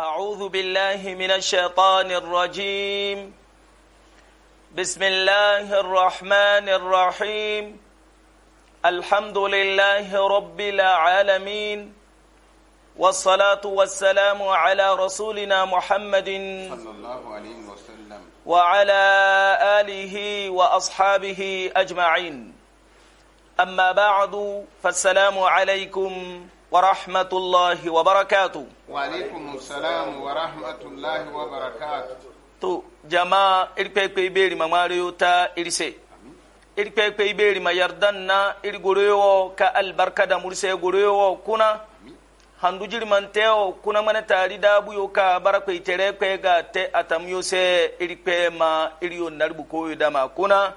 أعوذ بالله من الشيطان الرجيم بسم الله الرحمن الرحيم الحمد لله رب العالمين والصلاة والسلام على رسولنا محمد صلى الله عليه وسلم وعلى آله وأصحابه أجمعين أما بعد فالسلام عليكم warahmatullahi wabarakatuh waalaikumsalam warahmatullahi wabarakatuh tu jamaa ilipepe ibeli mamwaliyo ta ilise ilipepe ibeli mayardanna iligoroyo ka albarka da mulise goroyo kuna handujili manteo kuna mana tari dabu yo ka barakwe itere kwe ga te atamyose ma iliyo naribu koyo dama kuna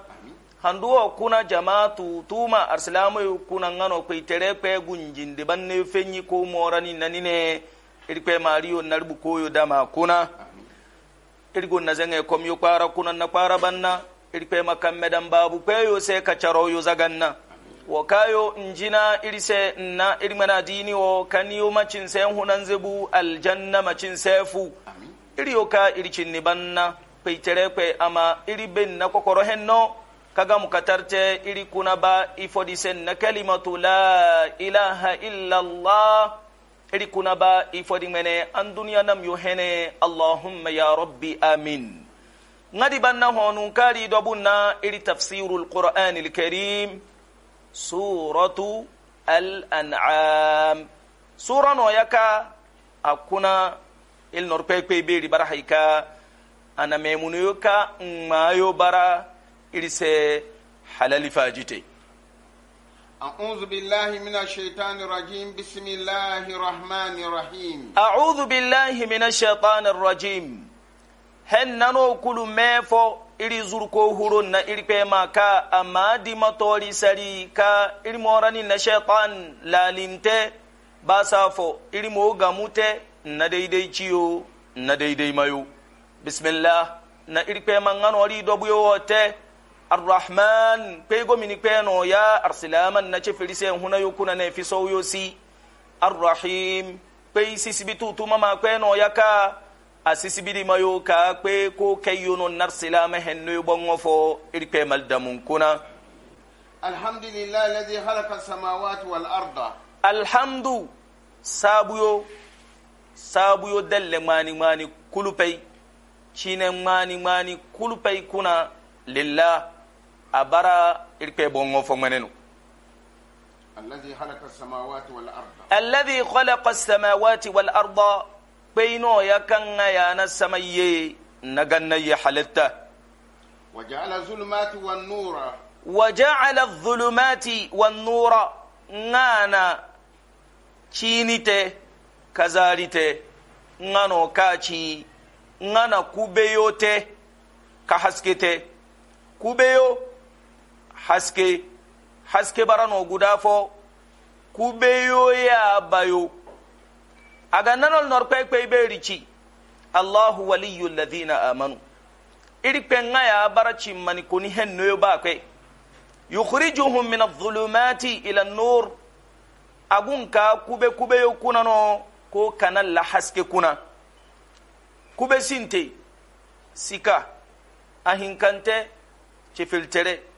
handuwa kuna jamaatu tuma arsilamoy kuna ngano kwa tere kwe gunjindi banne feŋi ko morani nanine iri kwe mariyo naribu kuyo dama kuna iri go nazeŋe komyo kwara kuna na kwara banna iri kwe makamme dan babu kweyo se kacaroyo zaganna wakayo njina iri se nna iri ŋmana dini wa kaniyo macinsen hunanzebu aljanna machinsefu iri yo ka iri banna kwe tere kwe ama iri ben na kokoro kaga mukatarte iri kuna ba ifodisen na kalimatu la ilaha illa allah iri kuna ba ifodi an duniya nam yo hene allahumma ya rabbi amin ngadi banna honu kari dobunna iri tafsiru alqur'ani karim suratu an'am sura no yaka akuna il norpe pe beri bara haika ana memunuyo mayo bara iri se halali fajite أعوذ بالله من الشيطان الرجيم بسم الله الرحمن الرحيم أعوذ بالله من الشيطان الرجيم هن نانو كل iri zurko huron na irpe maka amma di matori sari ka iri morani na shaitan lalinte ba safo iri mo gamute na daidai ciyo na daidai mayo bismillah na irpe man ngano ri dobuyo wote arrahman kwego mini kweno ya arsilaman na chefeli se huna yokuna na fiso yosi arrahim kwe sisibi tutuma ma kweno ya ka asisibidi mayo ka kwe ko kayono narsilama henno bongo fo irpe maldamun kuna alhamdulillah alladhi khalaqa samawati wal arda alhamdu sabuyo sabuyo dalle mani mani kulupay chine mani mani kulupay kuna lillah أبرا إركي بونغو فمننو الذي خلق السماوات والأرض الذي خلق السماوات والأرض بينو يكن يانا سمي نغن يحلت وجعل الظلمات والنور وجعل الظلمات والنور نانا تشينيتي كزاريتي نانو كاتشي نانا كوبيوتي كحسكتي كوبيو haske haske barano guda fo ya bayo aga nanol nor kpekpe be rici allahu waliyu alladhina amanu iri kpenga ya bara cimmani koni hennoyo ba kwe yukhrijuhum min adh-dhulumati ila an-nur kube kube yo kunano ko kana la haske kuna kube sinte sika ahinkante cefiltere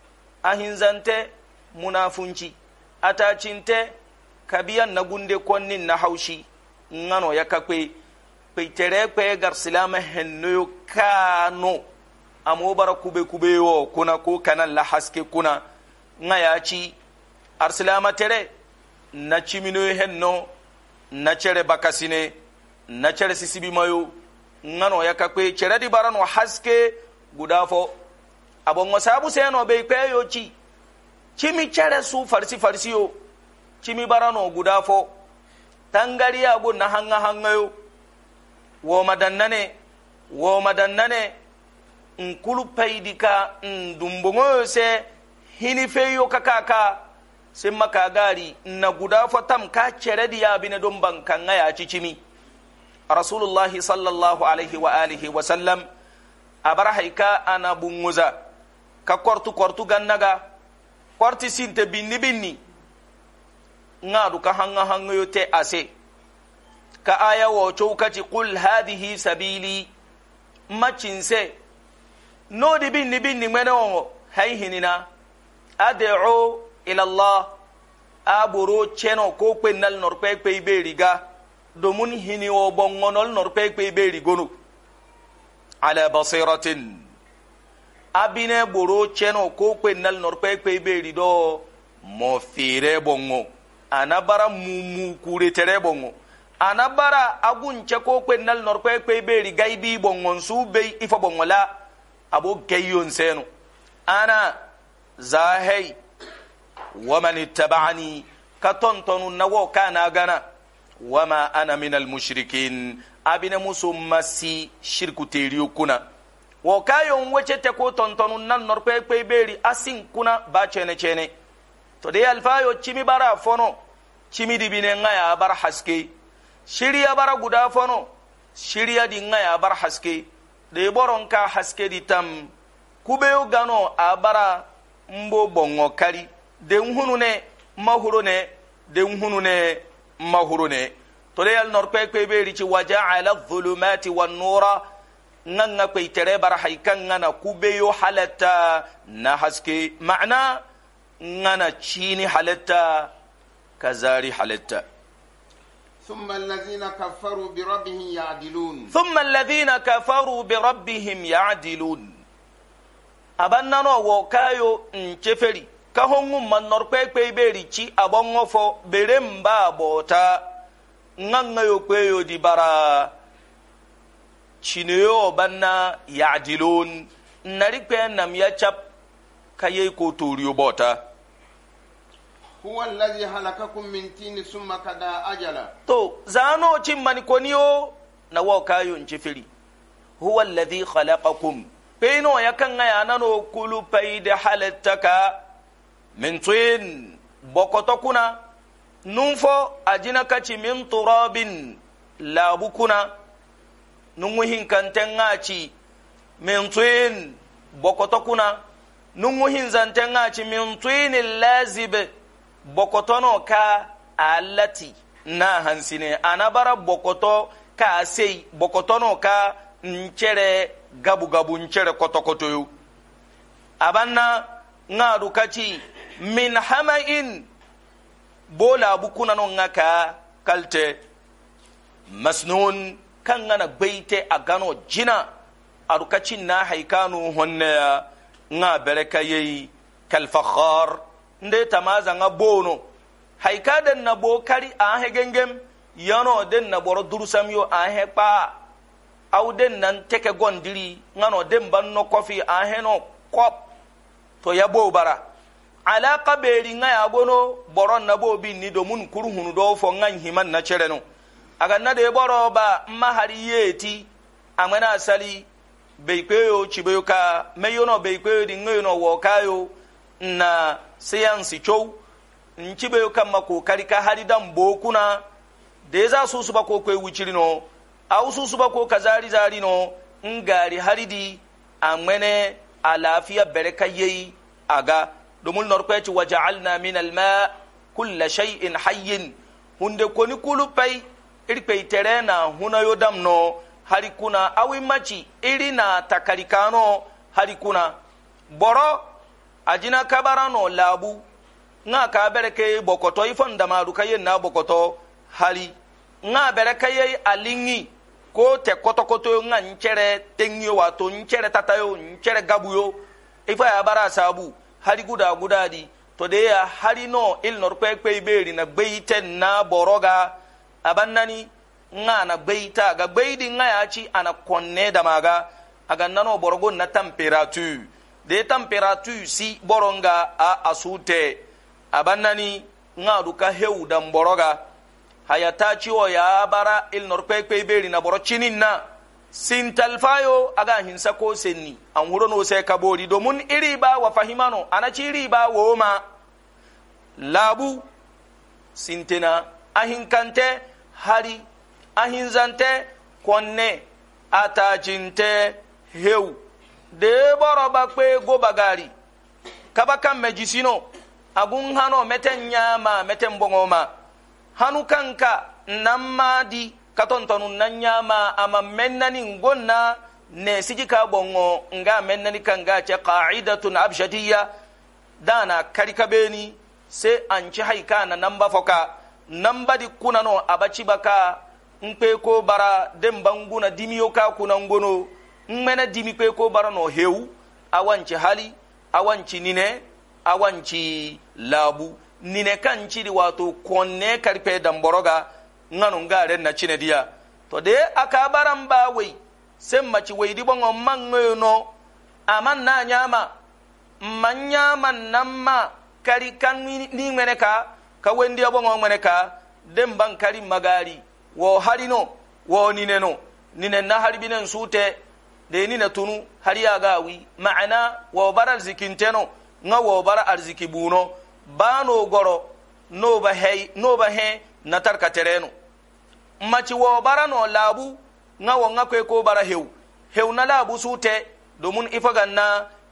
ahinzante munafunci atacinte kabiyan na gunde konnin na haushi ngano ya kakwe peitere kwe silama hennoyo kano amo bara kube kube yo kuna ko kanan la haske kuna nga ya ci arsilama tere na cimino henno na chere bakasine na sisibi sisibimayo ngano ya kakwe chere di barano haske guda fo abu sabu yana bai kwayo ci cimi cere su farsi farsi yo cimi barano guda fo tangari abu na hanga hanga yo wo madannane wo madannane kulu paidika ndumbongo se hini feyo kakaka sai ka gari na guda fo tam ka cere bi ne don bankan ya ci cimi rasulullahi sallallahu alaihi wa alihi wa sallam abara haika ana bunguza ka kortu kortu gannaga korti sinte binni binni ŋaadu ka hanga hanga te ase ka aya wocow kati qul hadihi sabili ma no di binni binni ŋmene woŋo hay hinina adeco ilallah a boro ceno ko kpe nal nor beriga domun hini wo bongonol nor ala basiratin abinɛ boro cheno ko kwe nal nor kwe kwe beri do a na bongo anabara mumu kure tere bongo anabara agun che ko kwe nal nor kwe kwe beri nsu bɛ ifɔ be ifa bongo la abo gayon seno ana zahai waman ittaba'ani ka tontonu nawo kana gana wama ana minal abinɛ abine ma si shirku teriyo kuna wo kayon wace te ko tontonun nan nor kwe kwe beri asin kuna ba chene chene to de alfayo chimi bara fono chimi di bine ngaya bar haske shiriya bara guda fono shiriya di ngaya bar haske de boron ka haske di tam kubeyo gano a bara mbo bongo kari de nhunu ne mahuro ne de nhunu ne mahuro ne to de al nor kwe kwe beri ci waja'ala dhulumati wa nura nan na kwai tere bara haikan ngana kube yo halatta na haske ma'ana ngana cini halatta kazari halatta ثم الذين كفروا بربهم يعدلون ثم الذين كفروا بربهم يعدلون abanna no wo kayo ncheferi ka hongu mannor kwekwe beri ci abongo fo bere mba bota nganga yo kweyo di bara cineyo banna yadilun nari kpe nam ya cap ka yei ko toriyo bota huwa allazi halakakum min tini kada ajala to zaano cin mani yo na wo ci firi huwa allazi khalaqakum peino ya kan ga yanano kulu paida halattaka min tin bokoto kuna ajina min turabin nunguhin kanten ngaci min tsuyin bokoto kuna nunguhin zanten ngaci min tsuyin lazib bokoto no ka alati na hansine anabara bokoto ka sei bokoto no ka nchere gabu gabu nchere kotokoto yo abanna ŋaadu kaci min hamain bo laabu kunano ka kalte masnun kan gana baite a gano jina rukacin na haikanu ya nga bereka yeyi kalfakhar ya tamaza nga bono haika den na bokari a ahe gengem yano den na boro durusam yo a ahe kpa aw den nan teke gondiri ngano den ban no kofi a ahe no kop to ya bo bara alaka beri nga ya bono boron na bo bi ni domun hunu do fo ngan himan na cereno no aga na da boro ba mahari yeti amana asali bai kweyo bai ka meyo no bai kweyo na sayansi chow in cibe ka ma kokari ka hari dan bokuna da za su su ba ko kwe wuciri no au su su ko kazari zari no ngari haridi amene a lafiya bereka a aga domin norkwe ci waja'alna min alma kulla shay'in hayyin hunde koni kulupai iri itere na huna yodam no harikuna kuna iri na takarikano harikuna kuna boro ajina kabara no labu nga ka bereke ke bokoto ifon damaru kaye na bokoto hari nga bereke kaye alingi ko te kotokoto nga nchere tengiyo wato nchere tatayo nchere gabuyo ifa ya bara sabu hari guda to de ya hari no il norpe kpe iberi na gbeiten na boroga nani nga na gbeita ga gbeidi nga ci ana konne maga aga nano borogo na temperature de temperature si boro nga a asute nani nga duka hewu dan boroga haya o ya bara ilnor kwekwe beri na boro cinin na sintalfayo aga hinsa ko senni an wuro no sai kabori domin iri ba wa fahimano ana ci iri ba woma labu sintena ahinkante hari ahinzante konne atacinte hew deɓoro bakpe gobagari kaba kamme mejisino agun hano meten ñama meten bogoma hanu kanka nanmadi katontonu nan ñama ama mennanin gonna ne siji ka bongo nga mennani kanga ce qa'idatun abshadiyya dana ka beni haika na nan foka nambadi kuna no abaciba ka nkpe ko bara dimba nguna dimiyo ka kuna ngono mmene dimi kpe ko bara no hewu awanci hali awanci nine awanci labu nine kan ciri wato konne karfe damboroga ngano ngaren na cine diya to de aka baran ba wai sen maci wai di bongo mangoyo no aman na nyama namma kari kan ni ka ka abo boŋo ŋmene ka den ban kari magari wo harino wo nineno nine na binen sute de nina tunu har yagawi ma'ana wo bara arzikinteno nga wo bara arziki buno bano goro hey no ba he natar ka tereno machi wo bara no labu nga wo nga kwe ko bara hew hew na labu sute domin ifaganna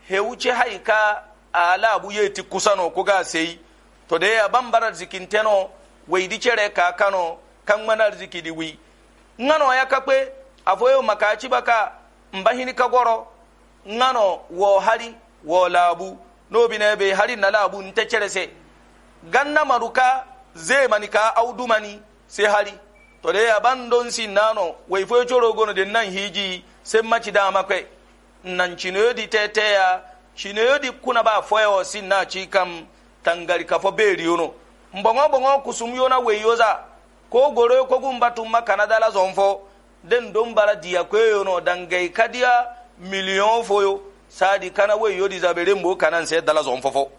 na ci haika a labu yeti kusano kuga sai. to da ya teno wai di cere ka kano kan mana di wi ngano ya kakpe afoyo makaci baka mbahini goro ngano wo hari wo labu nobi na be hari na labu nte cere se ganna maruka ze manika audumani se hari to da ya don sin nano wai fo choro gono de nan hiji se maci da makwe nan chinodi tete ya chinodi kuna ba yo sin na kam tangari ka fo beeri yono mbongo bongo kusum yona weyoza ko goro ko gumba tumma kanada la zon fo den don bara diya kwe yono dangay kadiya million foyo sadi kana weyo di zabere mbo kanan se dala zon fo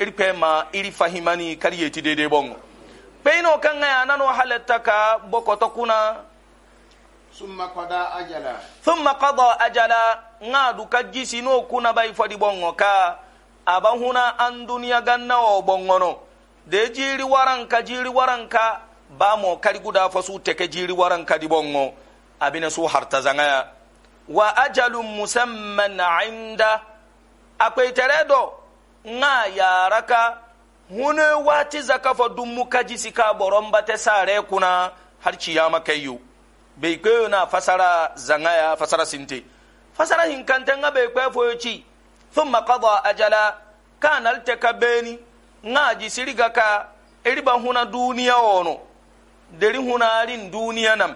iri kwe ma iri fahimani kari yeti dede bongo peino kan ga nano halatta ka bokoto kuna summa qada ajala summa qada ajala ngadu kajisi no kuna bai fodi bongo ka aban huna an duniya ganna wa bongono de jiri waranka jiri waranka ba mo kari guda fa su teke jiri waranka di bongo abina su harta zangaya wa ajalun musamman inda akwai tare do nga yaraka hune wati zakafa kaji sika boron ba ta sare kuna har ciyama kayyu bai kwayo na fasara zangaya fasara sinte fasara hinkanta nga bai kwayo ci thumma qada ajala kana alteka beni ngaji siriga ka iriba huna duniya wono deri huna arin duniya nam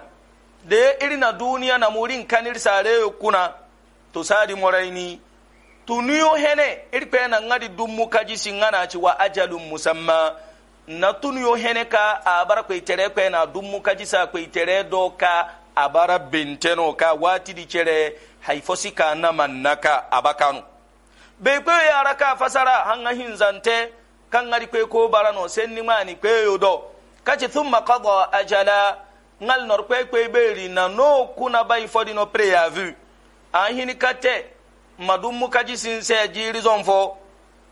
de na duniya na murin kanir sare kuna to sadi moraini tuniyo hene pe na ngadi dummu kaji singana ci wa ajalun musamma na tuniyo hene ka abara kwe tere kwe na dummu kaji sa kwe tere do ka abara binteno ka wati di chere haifosika ka naman abakanu be kpe yara ka fasara hanga nzante kan ngari kpe ko bara sen ni mani kpe yodo kaci thumma qada ajala ngal nor kpe kpe beri na no kuna bay fodi no préavu an ahini kate madu kaji sinse jiri zonfo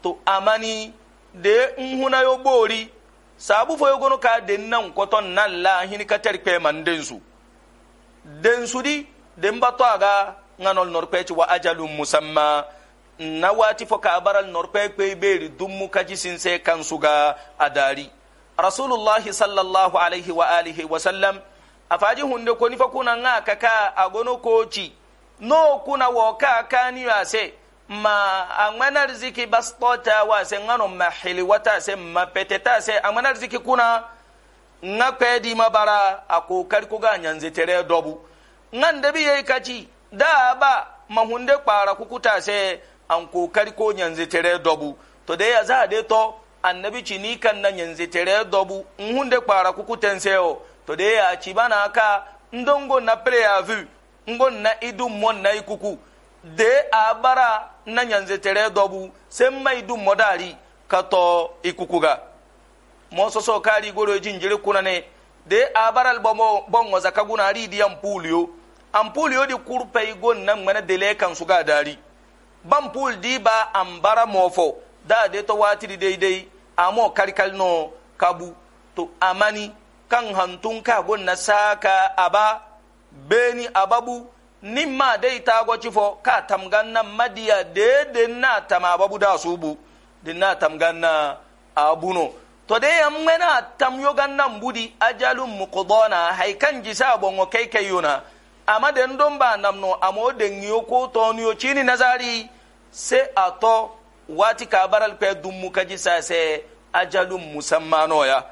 to amani de nhuna yo bori sabu fo yo gono ka den nan koton nan la kpe mandensu densu di den aga nganol nor kpe ci wa ajalum musamma na wati fo ka baral norpe kwe beri dummu kaji sinse kan suga adari rasulullah sallallahu alaihi wa alihi wa sallam afaji hunde ko ni fakuna nga kaka agono koci no kuna wo ka wa se ma amana riziki bastota wa se ngano mahili wata se mapeteta se amana riziki kuna nga kwedi mabara aku kari ko ga nyanze tere dobu nga ndebi ye kaci da ba mahunde kpara kukuta se an kokari ko yanzu tere dobu to da ya za de to annabi n'i kan nan yanzu tere dobu in hunde kpara kuku tenseyo to da ya ci bana aka ndongo na preavu ngon na idu mon na ikuku de a bara na yanzu tere dobu sai mai du modari ka to ikuku ga mo soso kari goro jinjiri kuna ne de a bara bomo bongo zakaguna ri diyan pulio an pulio di kurpe gon nan mana dele kan su ga dari di ban ba an bara mofo da de to watiri daidai amo karkal no kabu to amani kan hantun ka na saka aba beni ababu nimma dai ta goci fo ka tamganna madiya de na tama babu da subu de na tamganna abuno to dai yan mena tamyo gannan budi ajalun muqdona haikan jisa bongo kai kayuna ama den don ba nam no ama ko to nyo chini nazari se ato wati ka baral pe dummu kaji sa se ajalum musammano ya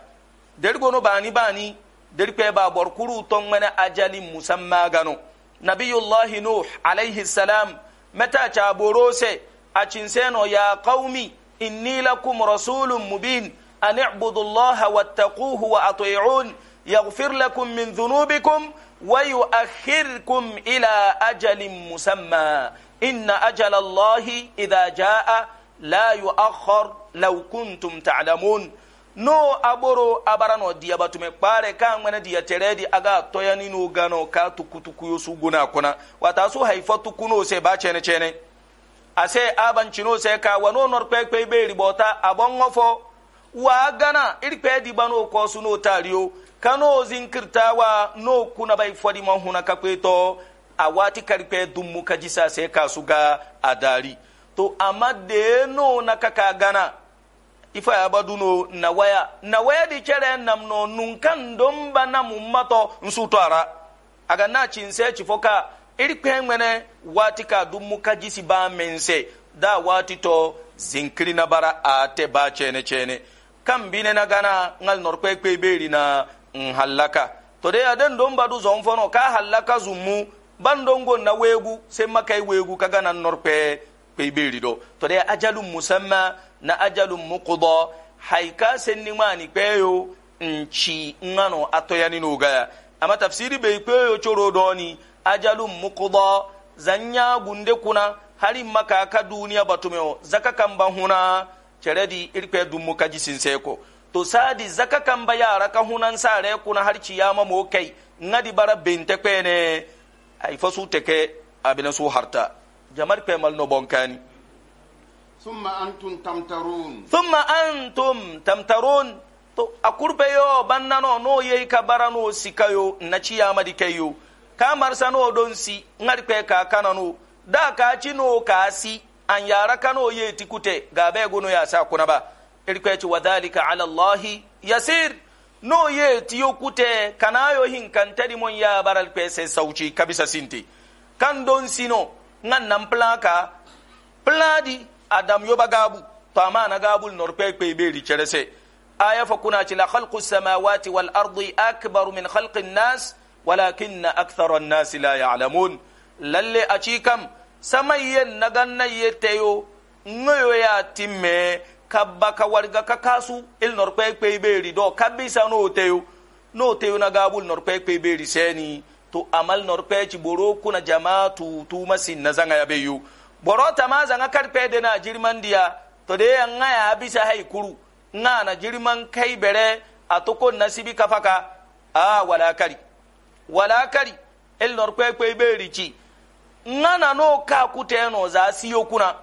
der gono bani bani der pe ba bor kuru to mana ajali musamma gano nabiyullah nuh alayhi salam mata cha borose a seno ya qaumi inni lakum rasulun mubin an i'budu allaha wattaquhu wa ati'un yaghfir lakum min dhunubikum wayu akhirkum ila ajalin musamma inna ajala allahi idha jaa la yu akhar law kuntum ta'lamun no aboro abara no diya batume kpare ka ngwene diya teredi aga toya ninu gano ka tukutuku yosu guna kuna wata su haifa tukuno se ba chene chene ase abancino se ka wano nor kwekwe be ribota abon ngofo wa gana irikpe di bano ko suno tariyo kano zinkirtawa no kuna bai fadi mahuna huna ka kweto a wati karfe dummu ka ji ka su ga a dari to amma da no na ka ka gana ifa ya baduno na waya na waya di cere nam no nun kan don ba na mummato nsuto a aga na cin sai ci foka iri kwe ngwene wati ka dummu ka ji si ba mense da wati to zinkiri na bara a te ba cene cene kan bine na gana ngal norkwe kwe beri na in hallaka to dai adan don badu zon fono ka hallaka zumu ban don na wegu sai makai wegu kaga nan norpe pe beri do to dai ajalun musamma na ajalun muqda haika ma mani peyo nci ngano atoyani no gaya amma tafsiri bai peyo choro ni ajalun muqda zanya gunde kuna hari maka ka duniya batumeo zaka kan ban huna ceredi irpe dummu kaji sinseko to sadi zaka kamba yara ka hunan sare kuna har ma mo kai ngadi bara bente kwene ay fasu teke abina su harta jamar pemal no bonkani thumma antum tamtarun thumma antum tamtarun to akurbe yo banna no yei ka bara barano sikayo na ciyama dikeyo kamar sano don si ngadi kwe ka kanano da ka ci n'o ka si an yara kano yeti kute gabe gono ya sa kuna ba irkwe ci wadhalika ala allahi yasir no ye tiyo kute kanayo hin kantari mon ya baral pese sauci kabisa sinti kan don sino ngan nan plaka pladi adam yoba gabu to amana gabul norpe pe beri cerese aya fa kuna ci la khalqu samawati wal ardi akbaru min khalqi nas walakinna akthara an-nas la ya'lamun lalle aci kam samayyen naganna yeteyo ngoyo ya timme kabba ka warga ka kasu il nor kwe kwe beri do kabisa no teyo no teyo na gabul nor kwe kwe beri seni to amal nor kwe ci boro kuna jama'atu tu masin na zanga ya beyu boro ta ma zanga karpe de na jirman dia to de yan ya bisa hay kuru na na jirman kai bere atoko nasibi kafaka a wala kari wala kari il nor kwe kwe beri ci ngana no ka kuteno za siyo kuna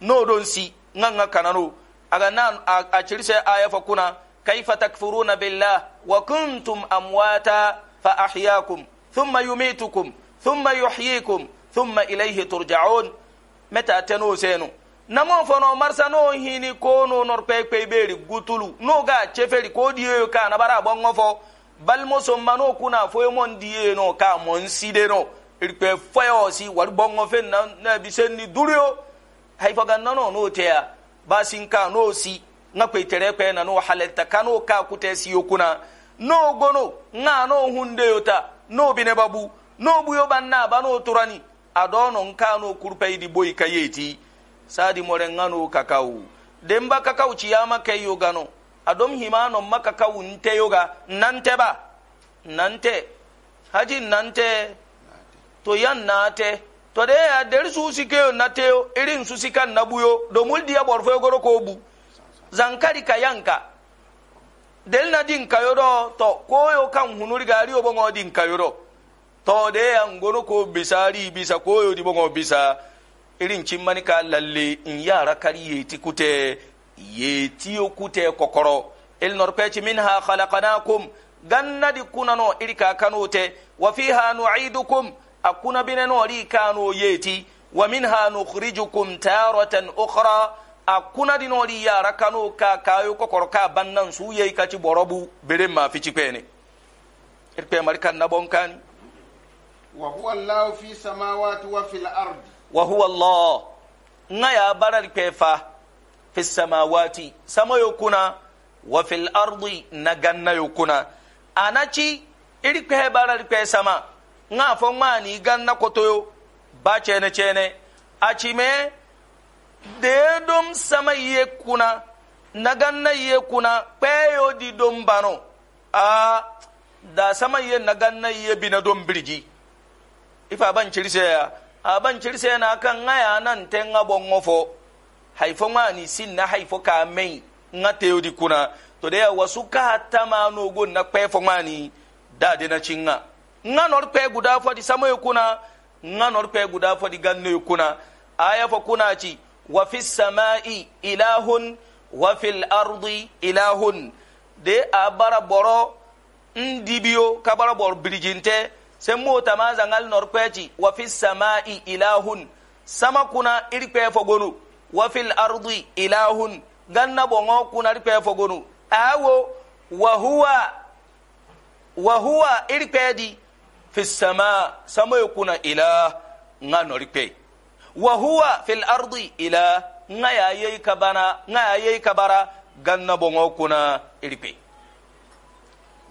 no don si nganga kanano aga na a cirse aya fa kuna kaifa takfuruna billah wa kuntum amwata fa ahyakum thumma yumitukum thumma yuhyikum thumma ilayhi turja'un meta teno senu namo fono marsa no hini ko no nor pepe beri gutulu no ga cheferi ko diyo ka na bara bongo fo bal moso mano kuna fo mon diye no ka mon side no irpe fo yo si war bongo fe na na bisenni duryo hay faga no teya basin ka no si na kwe tere kwe na no halalta ka no ka kuta si yokuna no gono na no hunde yota no bine babu no buyo banna ba no turani adono nka no kurpe di boy kayeti sadi more ngano kakau demba kakau ciyama kai gano adom himano makakau nte yoga nante ba nante haji nante to yan nate to de a deri susikeyo nateyo irin susikan nabuyo do muldiya bor foyo goro ko bu zankari ka yanka deli na din kayo do to koyo kan hunurigari o bongo din kayo do to de a ngono ko bisari bisa koyo di bongo bisa irin cimmani ka lalle in yara kari yeti kute yeti o kute kokoro il norpeci minha khalaqnakum ganna di kunano irika kanote wa fiha nu'idukum no akuna bineno ali kano yeti wa minha nukhrijukum taratan ukhra akuna dino ali yara kano ka kayo kokoroka bannan su yei kati borobu bere ma fi cipene irpe marikan na bonkan wa huwa allah fi samawati wa fil ard wa huwa allah ngaya barali pefa fi samawati samayo kuna wa fil ardi naganna yukuna anachi iri kwe barali sama nga fo mani koto yo ba chene chene achime de dom sama ye kuna na gan na ye kuna yo di dom bano a da sama ye na ganna ye na dom birji ifa ban chirse ya a ban chirse na kan ngaya nan ten nga bongo fo haifo mani sin na haifo ka mai nga yo di kuna to da ya wasu ka tamano gon na pe fo mani da de na chinga nga norpe guda fodi samoy kuna nga norpe guda fodi ganne kuna aya fo kuna ci wa fis samai ilahun wa fil ardi ilahun de abara boro ndibio kabara bor brijinte semmo tamaza ngal norpe ci wa fis samai ilahun sama kuna iri fo gonu wa fil ardi ilahun ganna bongo kuna irpe fo gonu awo wa huwa wa huwa iri di في السماء سما يكون ila nga nori في wa huwa fi lardi ila nga ya yei kabana nga ya yei kabara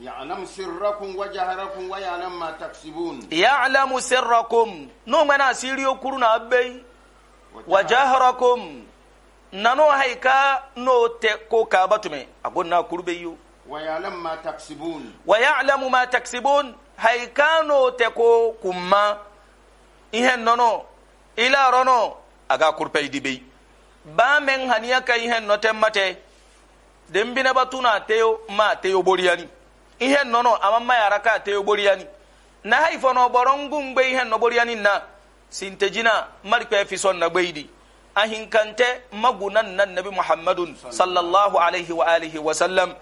يعلم سركم وجهركم ويعلم ما تكسبون يعلم سركم نو منا سيريو كورونا ابي وجهركم نانو هيكا نو تكو كاباتمي اقول نا كوربيو ويعلم ما تكسبون ويعلم ما تكسبون haikano te ko kumma ihe nono ila rono aga kurpe dibe ba men haniya ka ihe no te mate den bina batuna teo ma teo boriani ihe nono amamma yara ka teo boriani na haifo no borongu ngbe ihe no boriani na sintejina marpe fi son na gbeidi ahinkante magunan nan nabi muhammadun sallallahu alaihi wa alihi wa sallam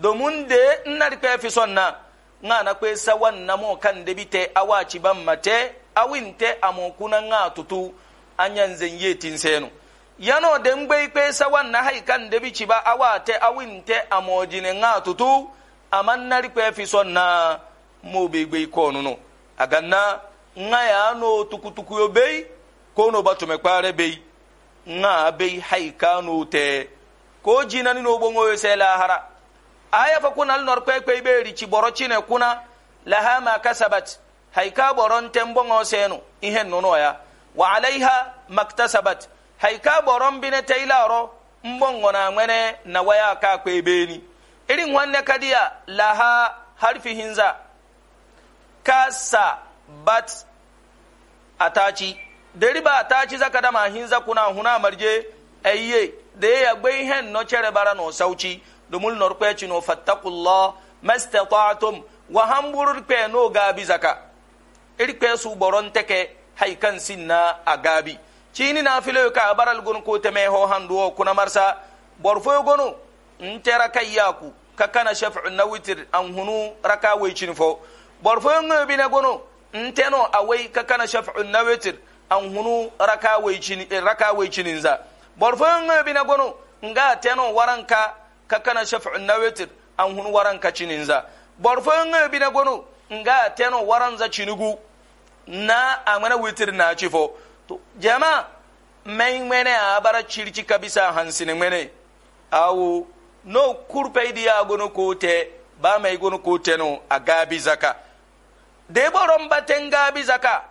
domin de nnarpe fi son na nga na kwesa wannamo kan debite awa ciban mate awinte amokuna nga tutu anyanze yetin senu yano den gbe kwesa na hai kan debi ciba awa te awinte amojine nga tutu aman nari kwe fi sonna mobe gbe konuno aganna nga ya no tukutuku yo bei kono batume kware bei nga bei hai kanu te ko jinani no bongo yo se lahara aya fa kuna lnor kwe kwe be ri ci boro cine kuna laha ma kasabat haika ka boron senu nono ya wa alaiha maktasabat haika ka boron bine ro mbongo na mwene na waya ka kwe be ni irin wanne kadiya laha harfi hinza kasa bat ataci dari ba ataci zaka dama hinza kuna huna marje ayye da ya gbe ihen no chere bara no ɗumul nor kwe cino fattakullah mastata'tum wa hamburur kwe no gabi zaka ir kwe su boron teke haikan sinna a gabi cini na filo ka baral gun ko teme ho handuwo kuna marsa borfo gonu in tera ka kakana shaf'u na witir an hunu raka wai fo borfo ngobi e na gonu nteno awai ka kakana shaf'u na witir an hunu raka wai cin raka wai cininza borfo ngobi e na gonu nga teno waranka ka kana shafi'u na wetir an hun waran ka cinin za yin bi na gonu. nga teno waran za cinigu na amana wetir na cifo to jama mai mene a bara circi kabisa ne mene awo no kurpe di ya gonu ko te ba mai gonu ko teno a gabi zaka de boron baten gabi zaka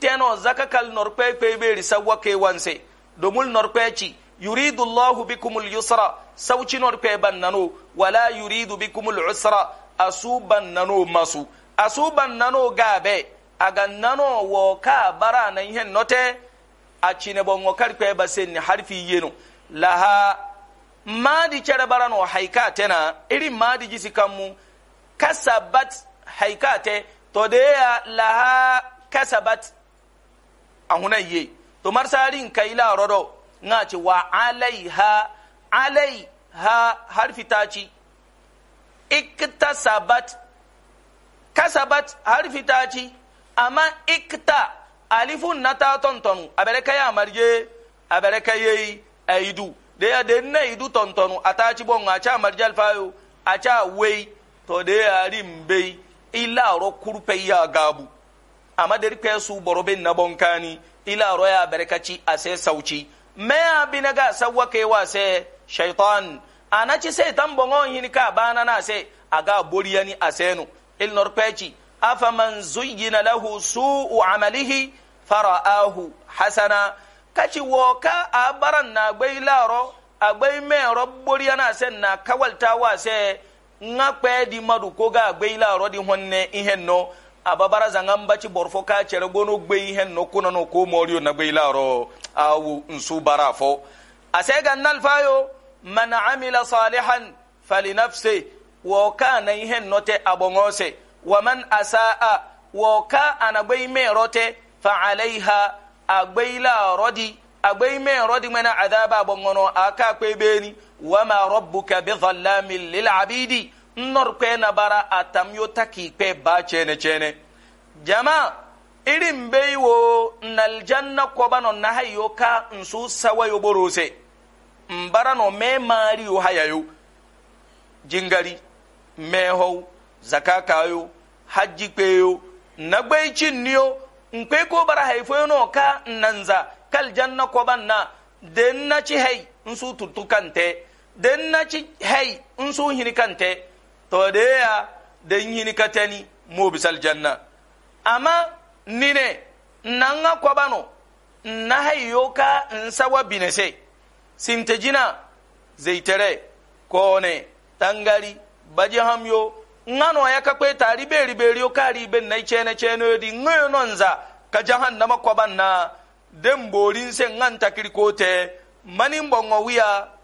teno zaka kal norpe pe risa wake wanse domul norpe ci يريد الله بكم اليسر سوچنور بيبان نانو ولا يريد بكم العسر أسوبان نانو ماسو أسوبان نانو غابي أغان نانو وكا برا نيهن نوتي أچين بونغو كاركو يبسين حرفي ينو لها مادي چرا برا نو حيكاتنا إلي مادي جيسي كمو كسبت حيكاتي توديا لها كسبت أهنا يي تو مرسالين كيلا رودو nga ce wa alaiha alaiha harfi ta ci iktasabat kasabat harfi ta ci amma ikta alifun na ta tontonu a bere kai amarje a bere kai yayi aidu da ya da na idu tontonu a ta ci bon a ca amarje alfayo a ca wei to da ya rin bai ila ro kurpe ya gabu amma da rike su borobe na bonkani ila ro ya bere kaci a sai sauci mea binaga sawwa kewa se shaitan anaci seitan bongo hini ka bana na se aga boriyani asenu il norpeci afaman zuyyina lahu su'u amalihi fara'ahu hasana kaci woka a baran na gbai laro a gbai mero boriyana sen na kawaltawa se nga kpe di madu ko ga laro di honne ihenno no ababara zangan baci borfo ka chere gono gbai ihen ko na laro awu nsu bara fo ase gannal fayo man amila salihan falinafse wo ka na ihe nnote agbongose waman asaa wo ka anagbei merote fa alaiha agbeila rodi agbei merodi mena adaba agbongono aka kpebeni wama rabbuka bidhallamin lilabidi nnor kwe na bara atamyo taki kpe ba chene chene jama irin bai wo naljanna koba no na hayo ka nsu sawa yo borose mbara no me mari yo yo jingari meho zakaka yo haji peyo na gbai cinniyo nkwe ko bara haifo no ka nanza kal janna koba na den na ci hai nsu tuttu kante den na ci hai nsu hini to de ya den mo bisal janna amma nine na nga kwabano na ka nsawa binese sintejina zeitere kone tangari baje hamyo ngano ayaka kwe tari beri beri ben nai chene yodi ngoyo nonza ka jahannama kwaban na den borin se ngan takiri kote mani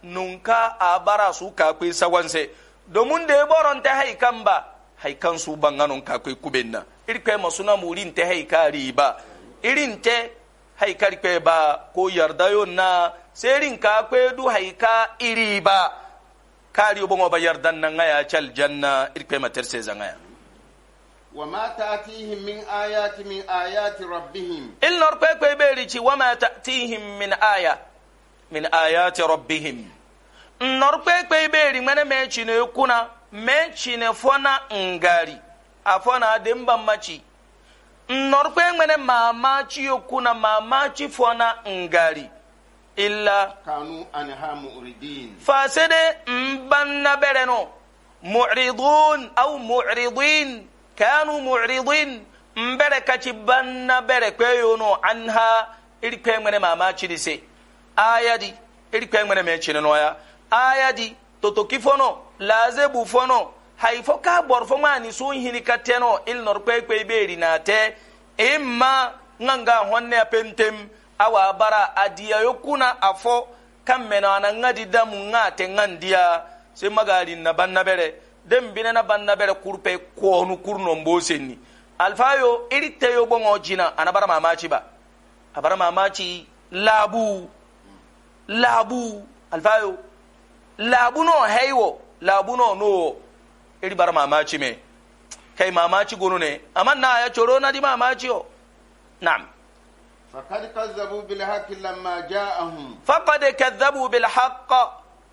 nunka abara suka kwe sawanse domin da ya boron ta haikan ba haikan su banganon kakwe kubenna irkwe masu na murin ta haikari ba irin ta haikari kwe ba ko yarda yon na sirin ka kwe du haika iri ba kari ubon ba yardan nan ya cal janna irkwe matar sai zan ya wa ma ta'tihim min ayati min ayati rabbihim in nor kwe kwe be ri ci wa ma ta'tihim min aya min ayati rabbihim nor kwe kwe be ri mene me ne kuna me ci ne fona ngari afona adin bammaci nnorkwe ŋmene mamaci yokuna mamaci fona ngari illa kanu anha muridin fasede mbanna bereno muridun au muridin kanu muridin mbere kaci ban na bere kweyono anha iri kwe ŋmene mamaci di se ayadi iri kwe ŋmene mecini noya ayadi totoki fono lazebu fono haifo ka bor fo mani sun hini ka teno il nor kwe kwe beri na te imma nganga honne pentem awa bara adiya yokuna afo kan mena na ngadi damu ngate ngandia se magali na banna bere dem bine na banna bere kurpe konu kurno mboseni alfayo iri teyo bongo jina bara mamaci ba abara mamaci labu labu alfayo labu no heiwo labu no no iri bara mamaci me kai mamaci gunu ne amma na ya coro na di mamaci o na'am faqad kazzabu bil haqqi lamma ja'ahum faqad kazzabu bil haqq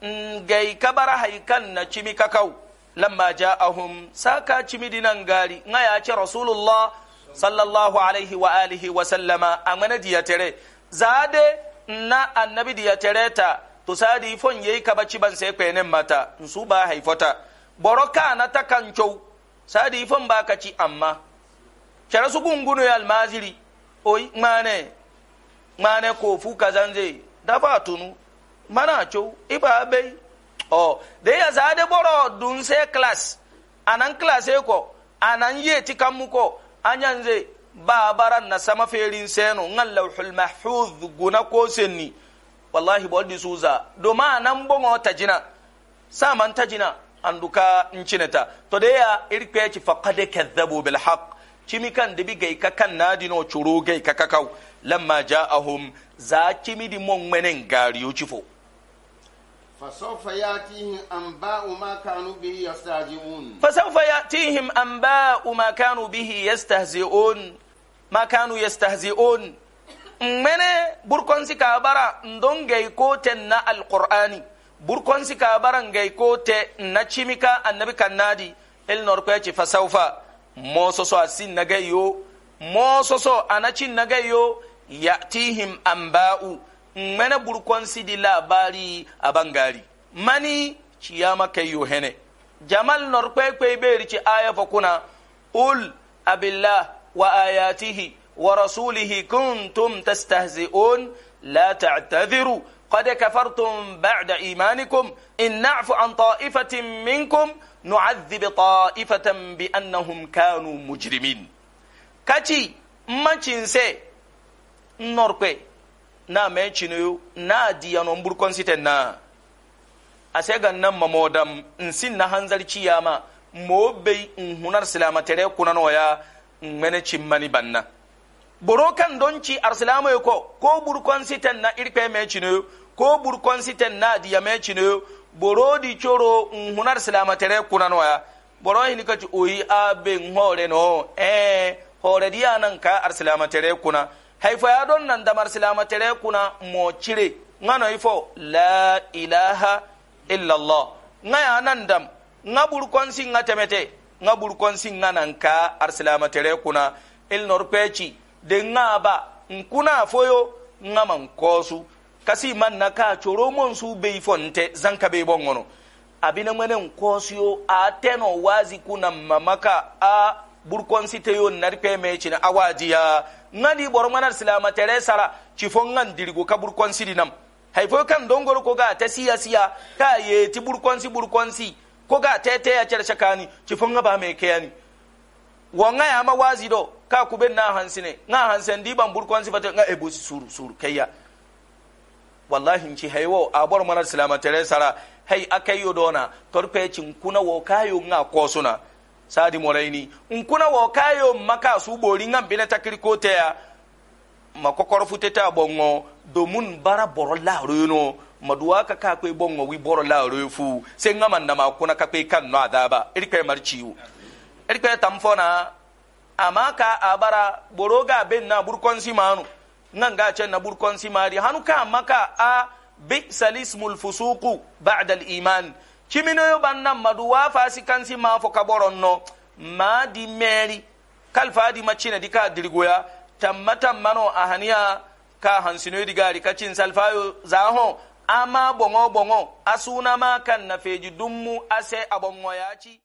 ngai kabara haikan na cimi kakau lamma ja'ahum saka cimi dinan gari nga ce rasulullah sallallahu alaihi wa alihi wa sallama amana diyatere zade na annabi diyatere ta to sadi fon yayi kabaci ban sai kwenen mata nsu ba haifota boro na ta kanco sadi fon ba ka ci amma kera su gungunu ya almaziri oyi ŋmane ka kofu da dafa tunu mana cho iba be o de ya zade boro se class anan e ko anan yeti kammu ko anyanze babaran na sama ferin seno ngan lawhul mahfuz guna ko senni wallahi boldi suza do ma nan bongo tajina saman tajina anduka ncineta to de ya irkwe ci faqad kadzabu bil haqq cimi kan dibi gai ka kan nadino curo gai ka kakau lamma ja'ahum za cimi di mon menen gariyo cifo fasawfa yatihim anba'u ma kanu bihi yastahzi'un fasawfa yatihim anba'u ma kanu bihi yastahzi'un ma kanu yastahzi'un mene burkon sika bara ndon gai ko ten na alqur'ani burkonsi ka barangay ko te na cimika annabi kannadi el norkoyeci fa saufa mososo a sin nagay yo mososo ana cin nagay yo yatihim anba'u ŋmene burkonsi di labari a bangari mani ciyama kay yo hene jamal norkoyekpey ɓeerici aya fo kuna ul abillah wa ayatihi wa rasulihi kuntum tastahzi'un la ta'tadhiru قد كفرتم بعد إيمانكم إن نعف عن طائفة منكم نعذب طائفة بأنهم كانوا مجرمين كتي ما تنسي نوركي نا ميتشنو نا ديانو مبركون سيتنا أسيغا نمم مودم نسينا هنزل تياما موبي نهنر سلامة تريكونا نويا منتشماني بنا boro donci don ci ko ko burkon siten na irpe mai ko burkon siten na diya mai cino boro di coro hunar silama tere kunan waya boro hini ka ci oyi abe hore no eh hore diya nan ka arsilama tere kuna haifa ya don nan damar silama tere kuna mo cire ngano ifo la ilaha illallah ngaya nan dam nga burkon sin nga temete nga burkon sin nga nan ka arsilama tere kuna il norpechi de ŋa ba nkuna yo ŋa ma koosu kasi man na ka coro mon su bei fonte zanka be bon ngono abina menen yo a teno wazi kuna mamaka a burkonsite yo narpe mecina awajiya ŋadi boro ŋanar silama tere sara cifo ŋan dirigo ka burkonsidi nam haifo kan dongoro ko ga ta siya siya ka ti burkonsi burkonsi ko ga tete ya cerce kani cifo ŋa ba me keyani wo ŋa yama wazi do ka kube na hansi ne nga hansi ndi ban burkon sifata nga ebo suru suru kayya wallahi nci haiwo abor mana silama tere sara hay akai yo dona torpe cin kuna wo kayo nga kosuna sadi moraini nkuna wo kayo maka su bori nga bina takiri ko teya makokoro futeta bongo domun bara boro la runo maduwa ka ka kai bongo wi boro la fu sai nga manna ma kuna ka kai kan no adaba irkai marciwo irkai tamfona amma ka abara boroga bin na burkon simanu nan ga can na burkon simari hanu ka maka a bi salismul fusuku ba'da al iman kimino yo ban nan madu wa fasikan ma fo ka no ma di meri kalfa di ma di ka dirgoya tammatan mano a haniya ka hansino digari ka cin salfayo zaho ama bongo bongo asuna ma kan na feji dummu ase abongo ya ci